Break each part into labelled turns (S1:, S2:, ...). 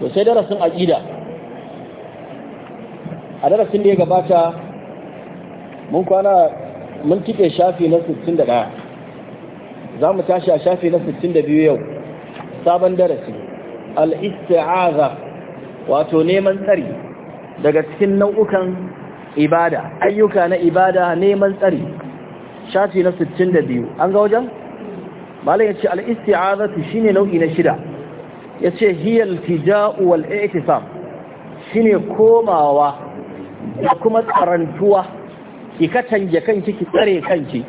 S1: to sai darasin aqida a darasin da ya gabata mun kwana mun kike shafi na 61 za mu tashi a shafi na 62 yau sabon darasi al-isti'aza wato neman tsari daga cikin nau'ukan ibada ayyuka na ibada neman tsari shafi na 62 an ga wajen malai ya ce al-isti'azatu shine nau'i na shida ya ce hiyar tija'u wal shi shine komawa da kuma tsarantuwa ki canje kanki ki tsare kanki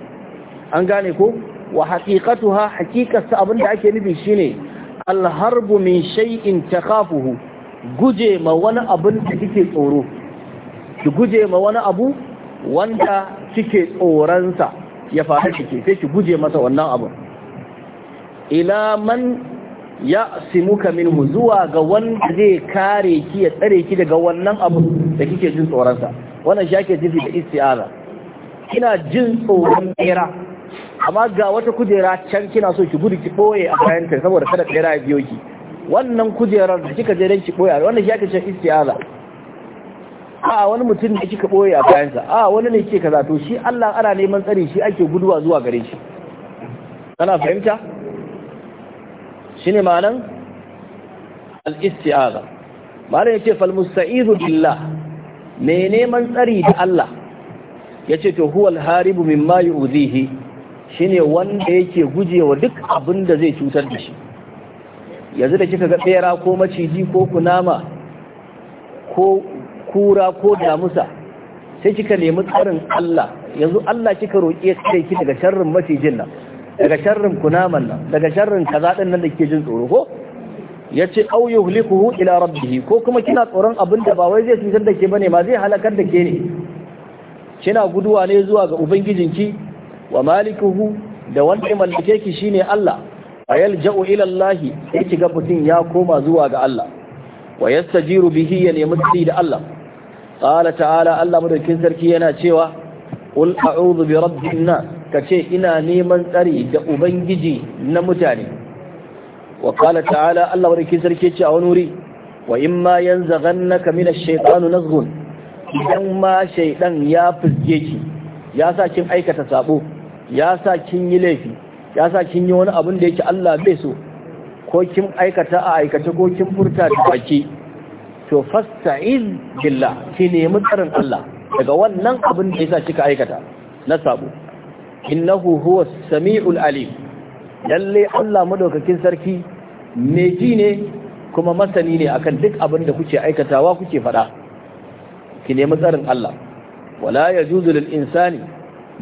S1: an gane ko wa ha haqiqatu abinda ake nufi shine alharbu min shay'in kafuhu guje ma wani abin da kike tsoro ki guje ma wani abu wanda kike tsoronsa ya faru kike sai ki guje masa wannan abu ila man ya simuka minhu zuwa ga wanda zai kare ki ya tsare ki daga wannan abu da kike jin tsoronsa wannan shi ake jifi da istiara kina jin tsoron bera amma ga wata kujera can kina so ki gudu ki boye a bayan ta saboda kada bera ya biyo ki wannan kujerar da kika je dan ki boye wannan shi ake cewa isti'aza a wani mutum ne kika boye a bayan sa a wani ne kike kaza to shi Allah ana neman tsare shi ake guduwa zuwa gare shi kana fahimta shine malan al-isti'aza malam yace fal musta'izu billah me neman tsari da Allah yace to huwal haribu mimma yu'dhihi shine wanda yake gujewa duk abin da zai cutar da shi yanzu da kika ga tsera ko maciji ko kunama ko kura ko damusa sai kika nemi tsarin Allah yanzu Allah kika roƙe kai ki daga sharrin macijin nan daga sharrin kunaman nan daga sharrin kaza din nan da kike jin tsoro ko yace au yuhlikuhu ila rabbih ko kuma kina tsoron abin da ba wai zai cutar da ke bane ma zai halakar da ke ne kina guduwa ne zuwa ga ubangijinki wa malikuhu da wanda ya mallake ki shine Allah yalja'u ila Allah sai kiga mutun ya koma zuwa ga Allah wa yastajiru bihi ya nemi tsari da Allah qala ta'ala Allah madaukin sarki yana cewa qul a'udhu bi rabbin nas ka ce ina neman tsari da ubangiji na mutane wa kala ta'ala Allah warki sarki ce a wani wuri wa in ma yanzaghannaka min ash-shaytanu nazghun idan ma shaydan ya fuske ki ya sa kin aikata sabo ya sa kin yi laifi ya sa kin yi wani abin da yake Allah bai so ko kin aikata a aikata ko kin furta da baki to fasta'iz billah ki nemi tsarin Allah daga wannan abin da yasa kika aikata na sabo innahu huwa sami'ul alim lalle Allah madaukakin sarki me ji ne kuma masani ne akan duk abin da kuke aikatawa kuke faɗa ki nemi tsarin Allah wala yajuzu lil insani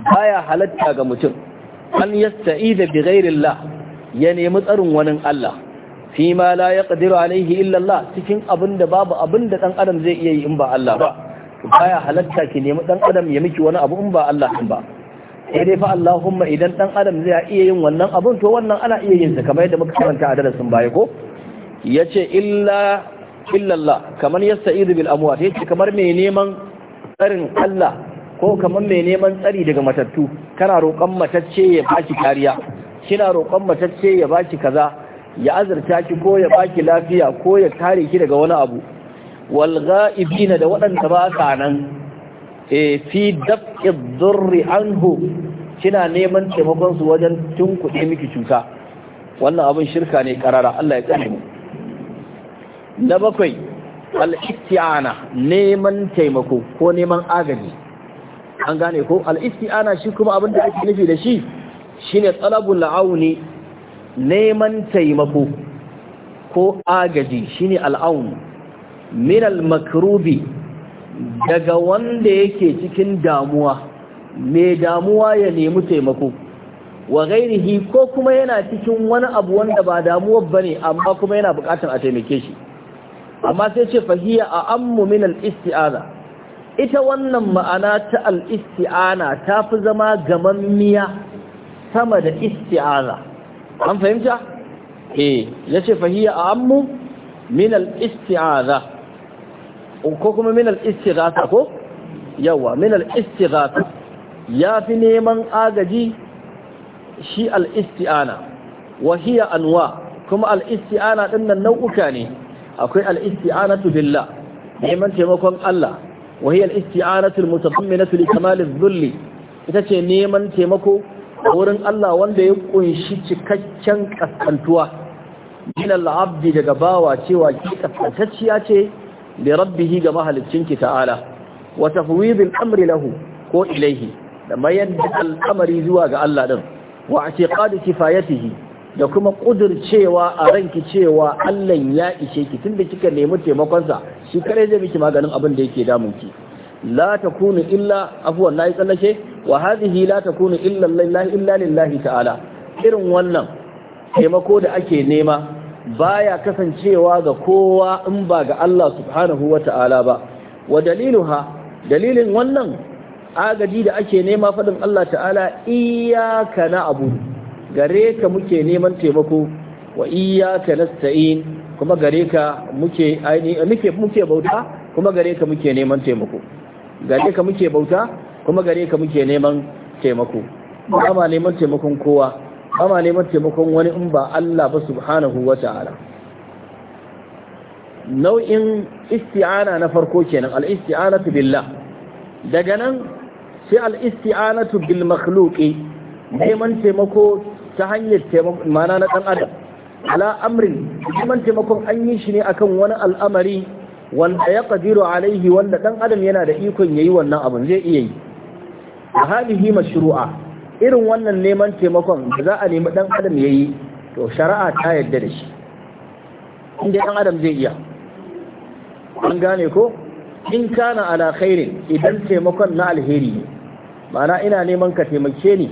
S1: baya halatta ga mutum an yasta'ida bi ghairillah ya nemi tsarin wani Allah fi ma la yaqdiru alaihi illa Allah cikin abin da babu abin da dan adam zai iya yi in ba Allah ba baya halatta ki nemi dan adam ya miki wani abu in ba Allah ba sai dai fa Allahumma idan dan adam zai iya yin wannan abun to wannan ana iya yin sa kamar yadda muka karanta a darasin baya ko yace illa illa Allah kamar yasta'idu bil amwat yace kamar mai neman tsarin Allah ko kamar mai neman tsari daga matattu kana roƙon matacce ya baki kariya kina roƙon matacce ya baki kaza ya azurta ki ko ya baki lafiya ko ya kare ki daga wani abu wal ghaibina da waɗanda ba sa nan e fi daf'i zurri anhu kina neman taimakon su wajen kuɗe miki cuta wannan abin shirka ne karara Allah ya tsare mu na bakwai al neman taimako ko neman agaji an gane ko al shi kuma abin da ake nufi da shi shi ne tsalabun la'auni neman taimako ko agaji shine al'aun minal al-makrubi daga wanda yake cikin damuwa mai damuwa ya nemi taimako wa gairihi ko kuma yana cikin wani abu wanda ba damuwa bane amma kuma yana bukatar a taimake shi amma sai ce fahiya a ammu min al istiana ita wannan ma'ana ta al-isti'ana ta fi zama miya sama da isti'ana an fahimta eh yace fahiya a ammu min al istiana ko kuma min istighatha ko yawa min al ya fi neman agaji shi al-isti'ana wa anwa kuma al-isti'ana nan nau'uka ne akwai al tu billah neman taimakon Allah wa hiya al-isti'anatu al-mutadamminatu li kamal ita ce neman taimako wurin Allah wanda ya kunshi cikakken kaskantuwa min al'abdi daga bawa cewa ki ce da rabbihi ga ki ta'ala wa tafwidil amri lahu ko ilaihi da mayan da al'amari zuwa ga Allah din wa i'tiqad kifayatihi da kuma cewa a ranki cewa Allah ya ishe ki tunda kika nemi taimakon sa shi kare zai miki maganin abin da yake damun ki la takunu illa afwan la tsallake wa hadhihi la takunu illa lillahi illa lillahi ta'ala irin wannan taimako da ake nema baya kasancewa ga kowa in ba ga Allah subhanahu wata'ala ba wa daliluha dalilin wannan agaji da ake nema fadin Allah ta'ala iyyaka na'budu gare ka muke neman taimako wa iyyaka nasta'in kuma gare ka muke muke muke bauta kuma gare ka muke neman taimako gare ka muke bauta kuma gare ka muke neman taimako ba ma neman taimakon kowa ba ma neman taimakon wani in ba Allah ba subhanahu wa ta'ala nau'in isti'ana na farko kenan al-isti'anatu billah daga nan sai al-isti'anatu bil neman taimako ta hanyar taimako mana na ɗan adam ala neman taimakon an yi shi ne akan wani al'amari wanda ya qadiru alaihi wanda ɗan adam yana da ikon yayi wannan abin zai iya yi Mahalihi mashru'a irin wannan neman taimakon da za a nemi ɗan adam ya yi to shari'a ta yarda da shi inda ɗan adam zai iya an gane ko in kana ala khairin idan taimakon na alheri ne ma'ana ina neman ka taimake ni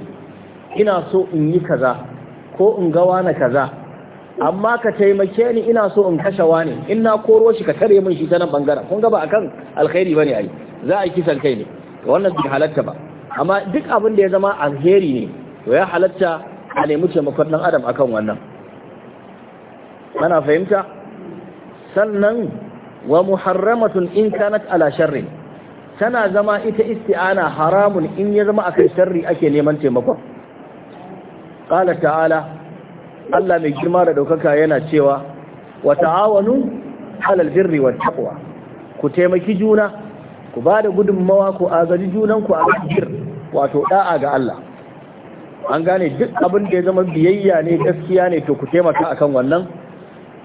S1: ina so in yi kaza ko in ga wani kaza amma ka taimake ni ina so in kashe wani in na koro shi ka tare min shi ta nan bangaren kun ga ba akan alkhairi bane ai za a kisan kai ne wannan bai halatta ba amma duk abin da ya zama alheri ne to ya halatta a nemi taimakon ɗan adam akan wannan ana fahimta sannan wa muharramatun in kanat ala sharri tana zama ita isti'ana haramun in ya zama akan sharri ake neman taimakon qala ta'ala Allah mai girma da daukaka yana cewa wa ta'awanu alal birri wat taqwa ku taimaki juna ku ba da gudunmawa ku azari junanku a kafir wato da'a ga Allah an gane duk abin da ya zama biyayya ne gaskiya ne to ku taimaka akan wannan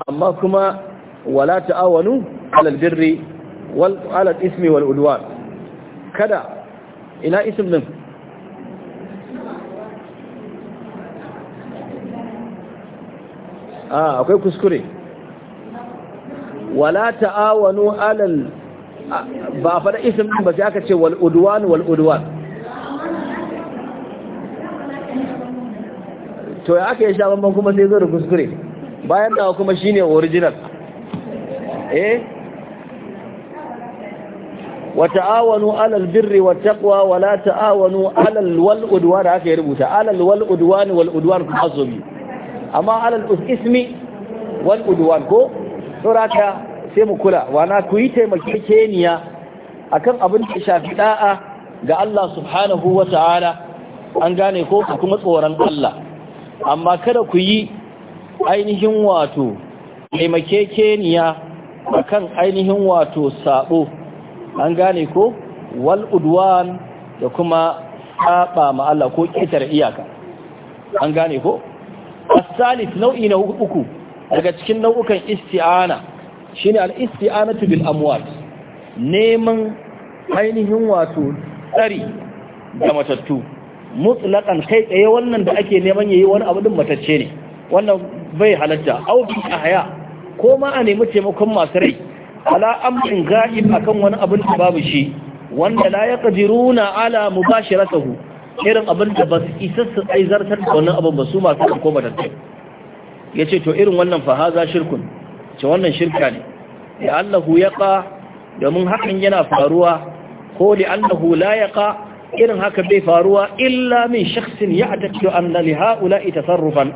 S1: amma kuma wala ta'awanu alal birri wal alal ismi wal udwan kada ina ism din ah akwai kuskure wala ta'awanu alal ba faɗa isim ɗin ba sai aka ce wal udwan wal udwan to ya aka yi sha bamban kuma sai zo da kuskure bayan dawa kuma shine original eh wa ta'awanu 'alal birri wat taqwa wa la ta'awanu 'alal wal udwan aka yi rubuta 'alal wal udwan wal udwan kuma azubi amma 'alal ismi wal udwan ko saboda sai mu kula wana ku yi taimakekeniya kan abin da shafi da'a ga Allah subhanahu wa ta'ala an gane ko ku kuma tsoron Allah amma kada ku yi ainihin wato taimakekeniya kan ainihin wato saɓo, an gane ko wal da kuma saba ma Allah ko ƙetare iyaka an gane ko A salif nau'i na uku daga cikin nau'ukan isti'ana shine al-isti'anatu bil amwat neman ainihin wato tsari da matattu kan kai tsaye wannan da ake neman yayi wani abu matacce ne wannan bai halatta aw a haya. ko ma a nemi taimakon masu rai ala amrin ga'ib akan wani abin da babu shi wanda la yaqdiruna ala mubasharatihi irin abin da ba su isa su zartar da wannan abin ba su masu ko matattu yace to irin wannan fa haza shirkun ce wannan shirka ne ya allahu ya ƙa domin hakan yana faruwa ko li allahu la ya ƙa irin haka bai faruwa illa min shaksin ya atakiyo an na li ita sarrufan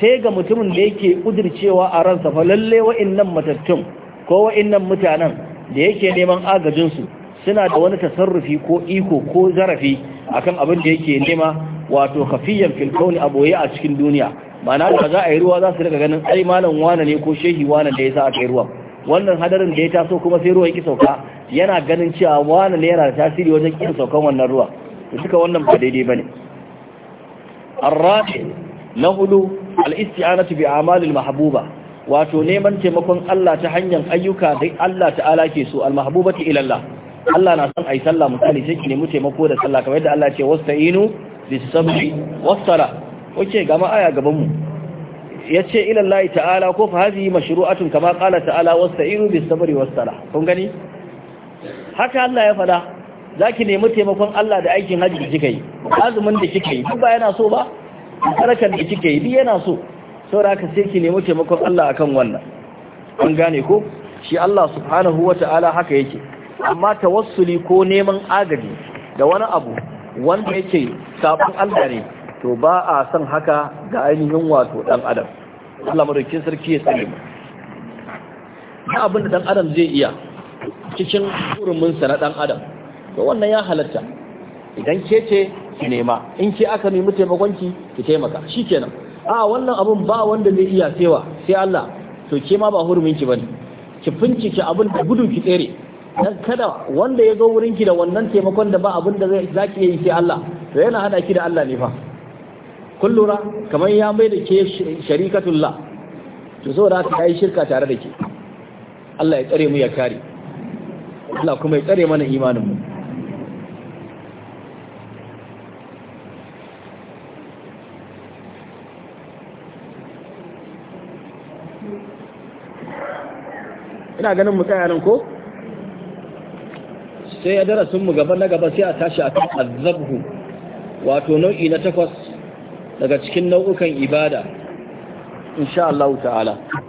S1: sai ga mutumin da yake ƙudircewa a ransa fa lalle nan matattun ko nan mutanen da yake neman agajinsu suna da wani tasarrufi ko iko ko zarafi akan abin da yake nema wato kafiyan filkauni a boye a cikin duniya mana da za a yi ruwa za su daga ganin ai malam wane ne ko shehi wane da ya sa aka yi ruwa wannan hadarin da ya taso kuma sai ruwan ki sauka yana ganin cewa wane ne yana da tasiri wajen kin saukan wannan ruwa to duka wannan ba daidai bane arrabi na hudu al-isti'anatu bi a'malil mahbuba wato neman taimakon Allah ta hanyar ayyuka da Allah ta'ala ke so al-mahbubati ila Allah Allah na son ai sallah mutane sai ki nemi taimako da sallah kamar yadda Allah ya ce wasta'inu bis sabri was-salah oke gama aya gabanmu ya ce ilallahi ta'ala ko fa hazi mashru'atun kama qala ta'ala wasta'inu bis sabri was sala kun gani haka Allah ya fada zaki nemi taimakon Allah da aikin haji kika yi azumin da kike yi duk ba yana so ba sarakan da kike yi duk yana so saboda haka sai ki nemi taimakon Allah akan wannan kun gane ko shi Allah subhanahu wata'ala haka yake amma tawassuli ko neman agaji da wani abu wanda yake sabon Allah ne to ba a son haka ga ainihin wato dan adam Allah madaukin sarki ya tsare mu abin da dan adam zai iya cikin hurumin sa na dan adam to wannan ya halatta idan ke ce ki nema in ke aka nemi taimakon ki ki taimaka shikenan a wannan abun ba wanda zai iya cewa sai Allah to ke ma ba hurumin ki bane ki fincike abin da gudu ki tsere dan kada wanda ya zo wurin ki da wannan taimakon da ba abin da zai zaki yi sai Allah to yana hada ki da Allah ne fa kun lura kamar ya mai da ke sharikatullah to zo da ta yi shirka tare da ke Allah ya tsare mu ya kare Allah kuma ya tsare mana imanin mu ina ganin mu tsaya nan ko sai ya darasin mu gaba na gaba sai a tashi a kan azabhu wato nau'i na takwas daga cikin nau'ukan ibada insha Allah ta'ala